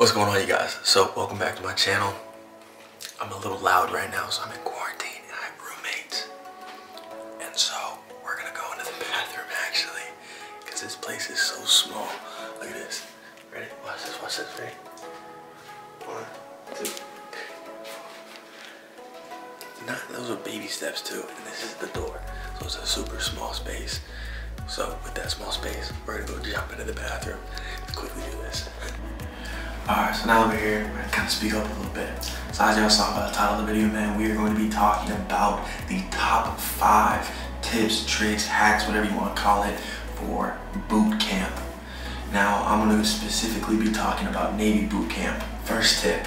What's going on you guys? So welcome back to my channel. I'm a little loud right now, so I'm in quarantine and I have roommates. And so we're gonna go into the bathroom actually, because this place is so small. Look at this. Ready? Watch this, watch this, ready? One, two, Not those are baby steps too, and this is the door. So it's a super small space. So with that small space, we're gonna go jump into the bathroom. Let's quickly do this. Alright, so now we're here, I kind of speak up a little bit. So as y'all saw by the title of the video, man, we are going to be talking about the top five tips, tricks, hacks, whatever you want to call it, for boot camp. Now, I'm gonna specifically be talking about Navy boot camp. First tip,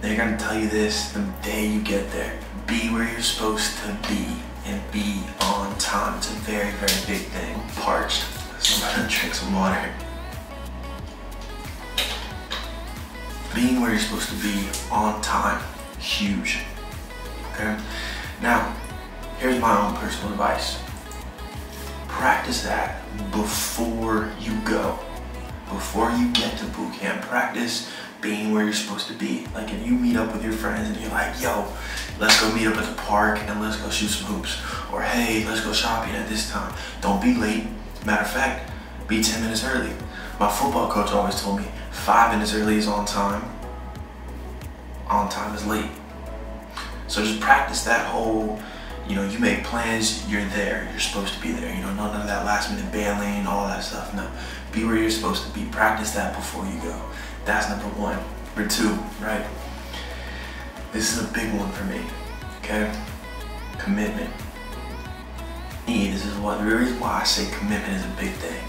they're gonna tell you this the day you get there. Be where you're supposed to be and be on time. It's a very, very big thing. Parched, so I'm gonna drink some water. being where you're supposed to be on time, huge. Okay? Now, here's my own personal advice. Practice that before you go. Before you get to boot camp, practice being where you're supposed to be. Like if you meet up with your friends and you're like, yo, let's go meet up at the park and let's go shoot some hoops. Or hey, let's go shopping at this time. Don't be late. Matter of fact, be 10 minutes early. My football coach always told me, Five minutes early is on time. On time is late. So just practice that whole, you know, you make plans, you're there, you're supposed to be there. You know, none of that last minute bailing, all that stuff. No, be where you're supposed to be. Practice that before you go. That's number one. Number two, right? This is a big one for me, okay? Commitment. E, this is what the reason why I say commitment is a big thing,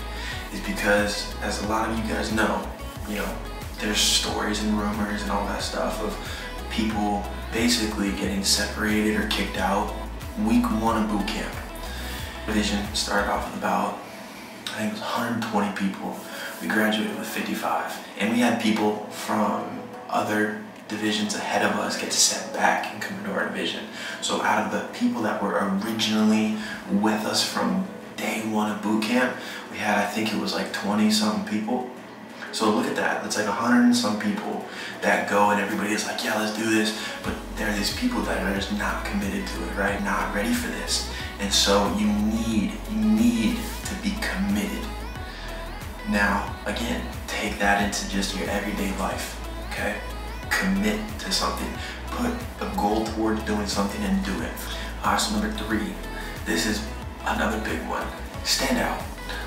is because as a lot of you guys know, you know, there's stories and rumors and all that stuff of people basically getting separated or kicked out week one of boot camp. Division started off with about, I think it was 120 people. We graduated with 55. And we had people from other divisions ahead of us get sent back and come into our division. So out of the people that were originally with us from day one of boot camp, we had, I think it was like 20 something people so look at that. It's like a hundred and some people that go and everybody is like, yeah, let's do this. But there are these people that are just not committed to it, right? Not ready for this. And so you need, you need to be committed. Now, again, take that into just your everyday life, okay? Commit to something. Put a goal towards doing something and do it. Option number three, this is another big one. Stand out.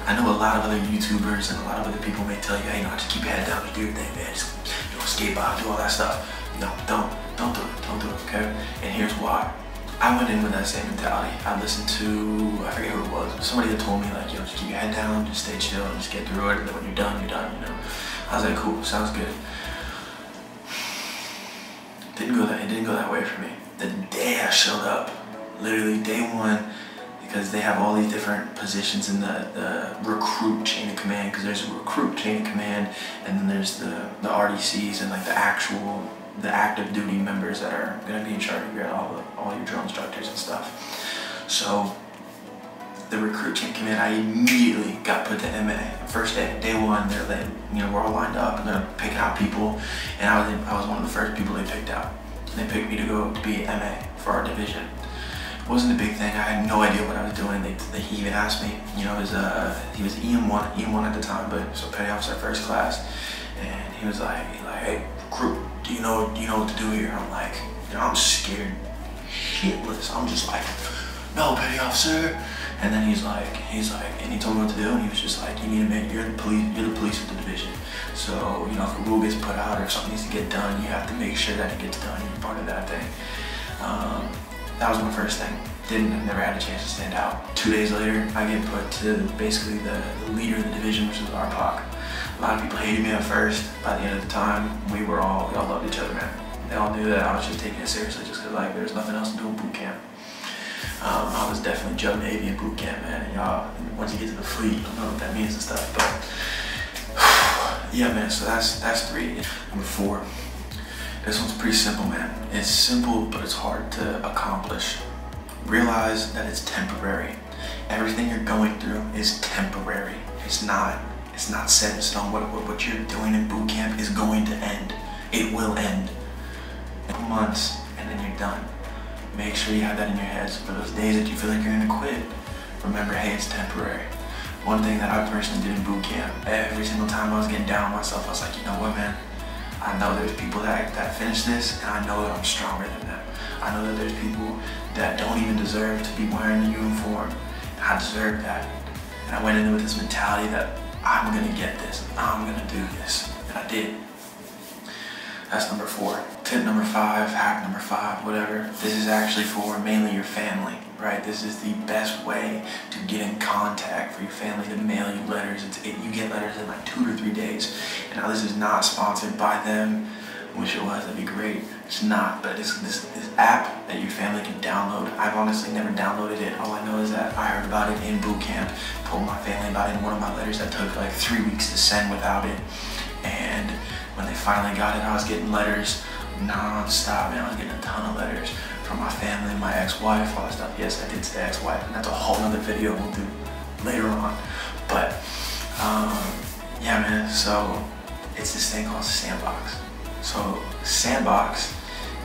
I know a lot of other YouTubers and a lot of other people may tell you, hey, you know, just keep your head down, just do your thing, man. Just, you know, skate by, do all that stuff. No, don't, don't do it, don't do it, okay? And here's why. I went in with that same mentality. I listened to, I forget who it was, somebody that told me like, you know, just keep your head down, just stay chill, just get through it, and then when you're done, you're done, you know? I was like, cool, sounds good. Didn't go that, it didn't go that way for me. The day I showed up, literally day one, because they have all these different positions in the, the recruit chain of command because there's a recruit chain of command and then there's the, the RDCs and like the actual the active duty members that are going to be in charge of your, all, the, all your drill instructors and stuff. So the recruit chain of command, I immediately got put to MA. First day, day one, they're like, you know, we're all lined up and they're picking out people. And I was, I was one of the first people they picked out. And they picked me to go to be MA for our division wasn't a big thing. I had no idea what I was doing. They, they, he even asked me, you know, was, uh, he was EM1, EM1 at the time, but so petty officer first class. And he was like, he like, hey, crew, do you know, do you know what to do here? I'm like, I'm scared shitless. I'm just like, no, petty officer. And then he's like, he's like, and he told me what to do, and he was just like, you need to make, you're the police, you're the police of the division. So, you know, if a rule gets put out or something needs to get done, you have to make sure that it gets done. You're part of that thing. Um, that was my first thing. Didn't, I never had a chance to stand out. Two days later, I get put to basically the, the leader of the division, which was our RPOC. A lot of people hated me at first. By the end of the time, we were all, we all loved each other, man. They all knew that I was just taking it seriously just because like, there's nothing else to do in boot camp. Um, I was definitely Joe Navy in boot camp, man. y'all, once you get to the fleet, don't know what that means and stuff. But yeah, man. So that's that's three. Number four, this one's pretty simple, man. It's simple, but it's hard to accomplish. Realize that it's temporary. Everything you're going through is temporary. It's not, it's not set in stone. What, what, what you're doing in boot camp is going to end. It will end. Months, and then you're done. Make sure you have that in your head so for those days that you feel like you're gonna quit. Remember, hey, it's temporary. One thing that I personally did in boot camp, every single time I was getting down on myself, I was like, you know what, man? I know there's people that, that finish this, and I know that I'm stronger than them. I know that there's people that don't even deserve to be wearing the uniform. I deserve that. And I went in with this mentality that I'm gonna get this, I'm gonna do this, and I did. That's number four tip number five, hack number five, whatever, this is actually for mainly your family, right? This is the best way to get in contact for your family to mail you letters. It's, it, you get letters in like two to three days. now this is not sponsored by them. Wish it was, that'd be great. It's not, but it's this, this app that your family can download. I've honestly never downloaded it. All I know is that I heard about it in boot camp, told my family about it in one of my letters that took like three weeks to send without it. And when they finally got it, I was getting letters non-stop man. I was getting a ton of letters from my family, my ex-wife, all that stuff. Yes, I did say ex-wife and that's a whole other video we'll do later on. But um, yeah man, so it's this thing called Sandbox. So Sandbox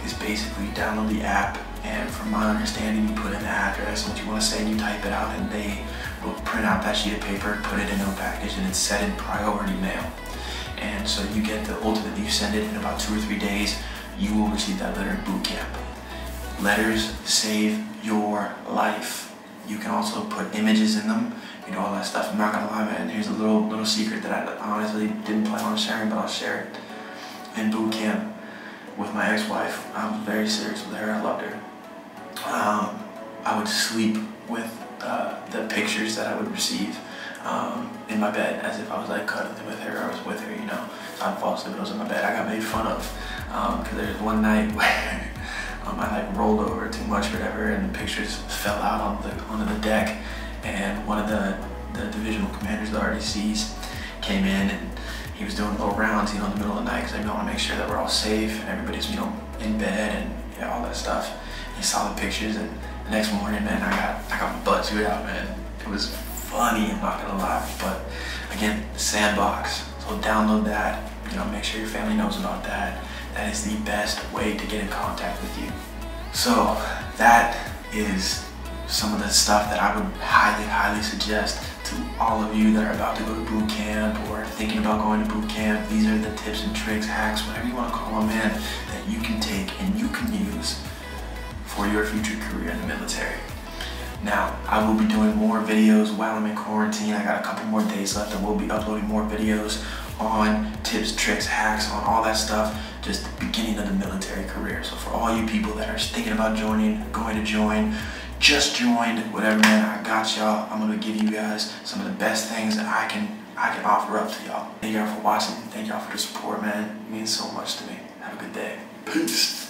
is basically download the app and from my understanding you put in the address and what you want to say and you type it out and they will print out that sheet of paper, put it in a package and it's set in priority mail. And so you get the ultimate, you send it in about two or three days you will receive that letter boot camp. Letters save your life. You can also put images in them, you know, all that stuff. I'm not gonna lie, man. Here's a little little secret that I honestly didn't plan on sharing, but I'll share it. In boot camp with my ex-wife, I was very serious with her. I loved her. Um, I would sleep with uh, the pictures that I would receive um, in my bed as if I was like cuddling with her I was with her, you know. So I'd fall asleep, it was in my bed. I got made fun of because um, there was one night where um, I like rolled over too much or whatever and the pictures fell out on the, onto the deck and one of the, the divisional commanders, the RDCs, came in and he was doing little rounds, you know, in the middle of the night because I want to make sure that we're all safe and everybody's, you know, in bed and all that stuff. He saw the pictures and the next morning, man, I got, I got butt to it out, man. It was funny, I'm not gonna lie, but again, Sandbox. So download that, you know, make sure your family knows about that that is the best way to get in contact with you. So that is some of the stuff that I would highly, highly suggest to all of you that are about to go to boot camp or thinking about going to boot camp. These are the tips and tricks, hacks, whatever you want to call them in, that you can take and you can use for your future career in the military. Now, I will be doing more videos while I'm in quarantine. I got a couple more days left and we'll be uploading more videos on tips, tricks, hacks, on all that stuff, just the beginning of the military career. So for all you people that are thinking about joining, going to join, just joined, whatever man, I got y'all. I'm gonna give you guys some of the best things that I can I can offer up to y'all. Thank y'all for watching. Thank y'all for the support, man. It means so much to me. Have a good day. Peace.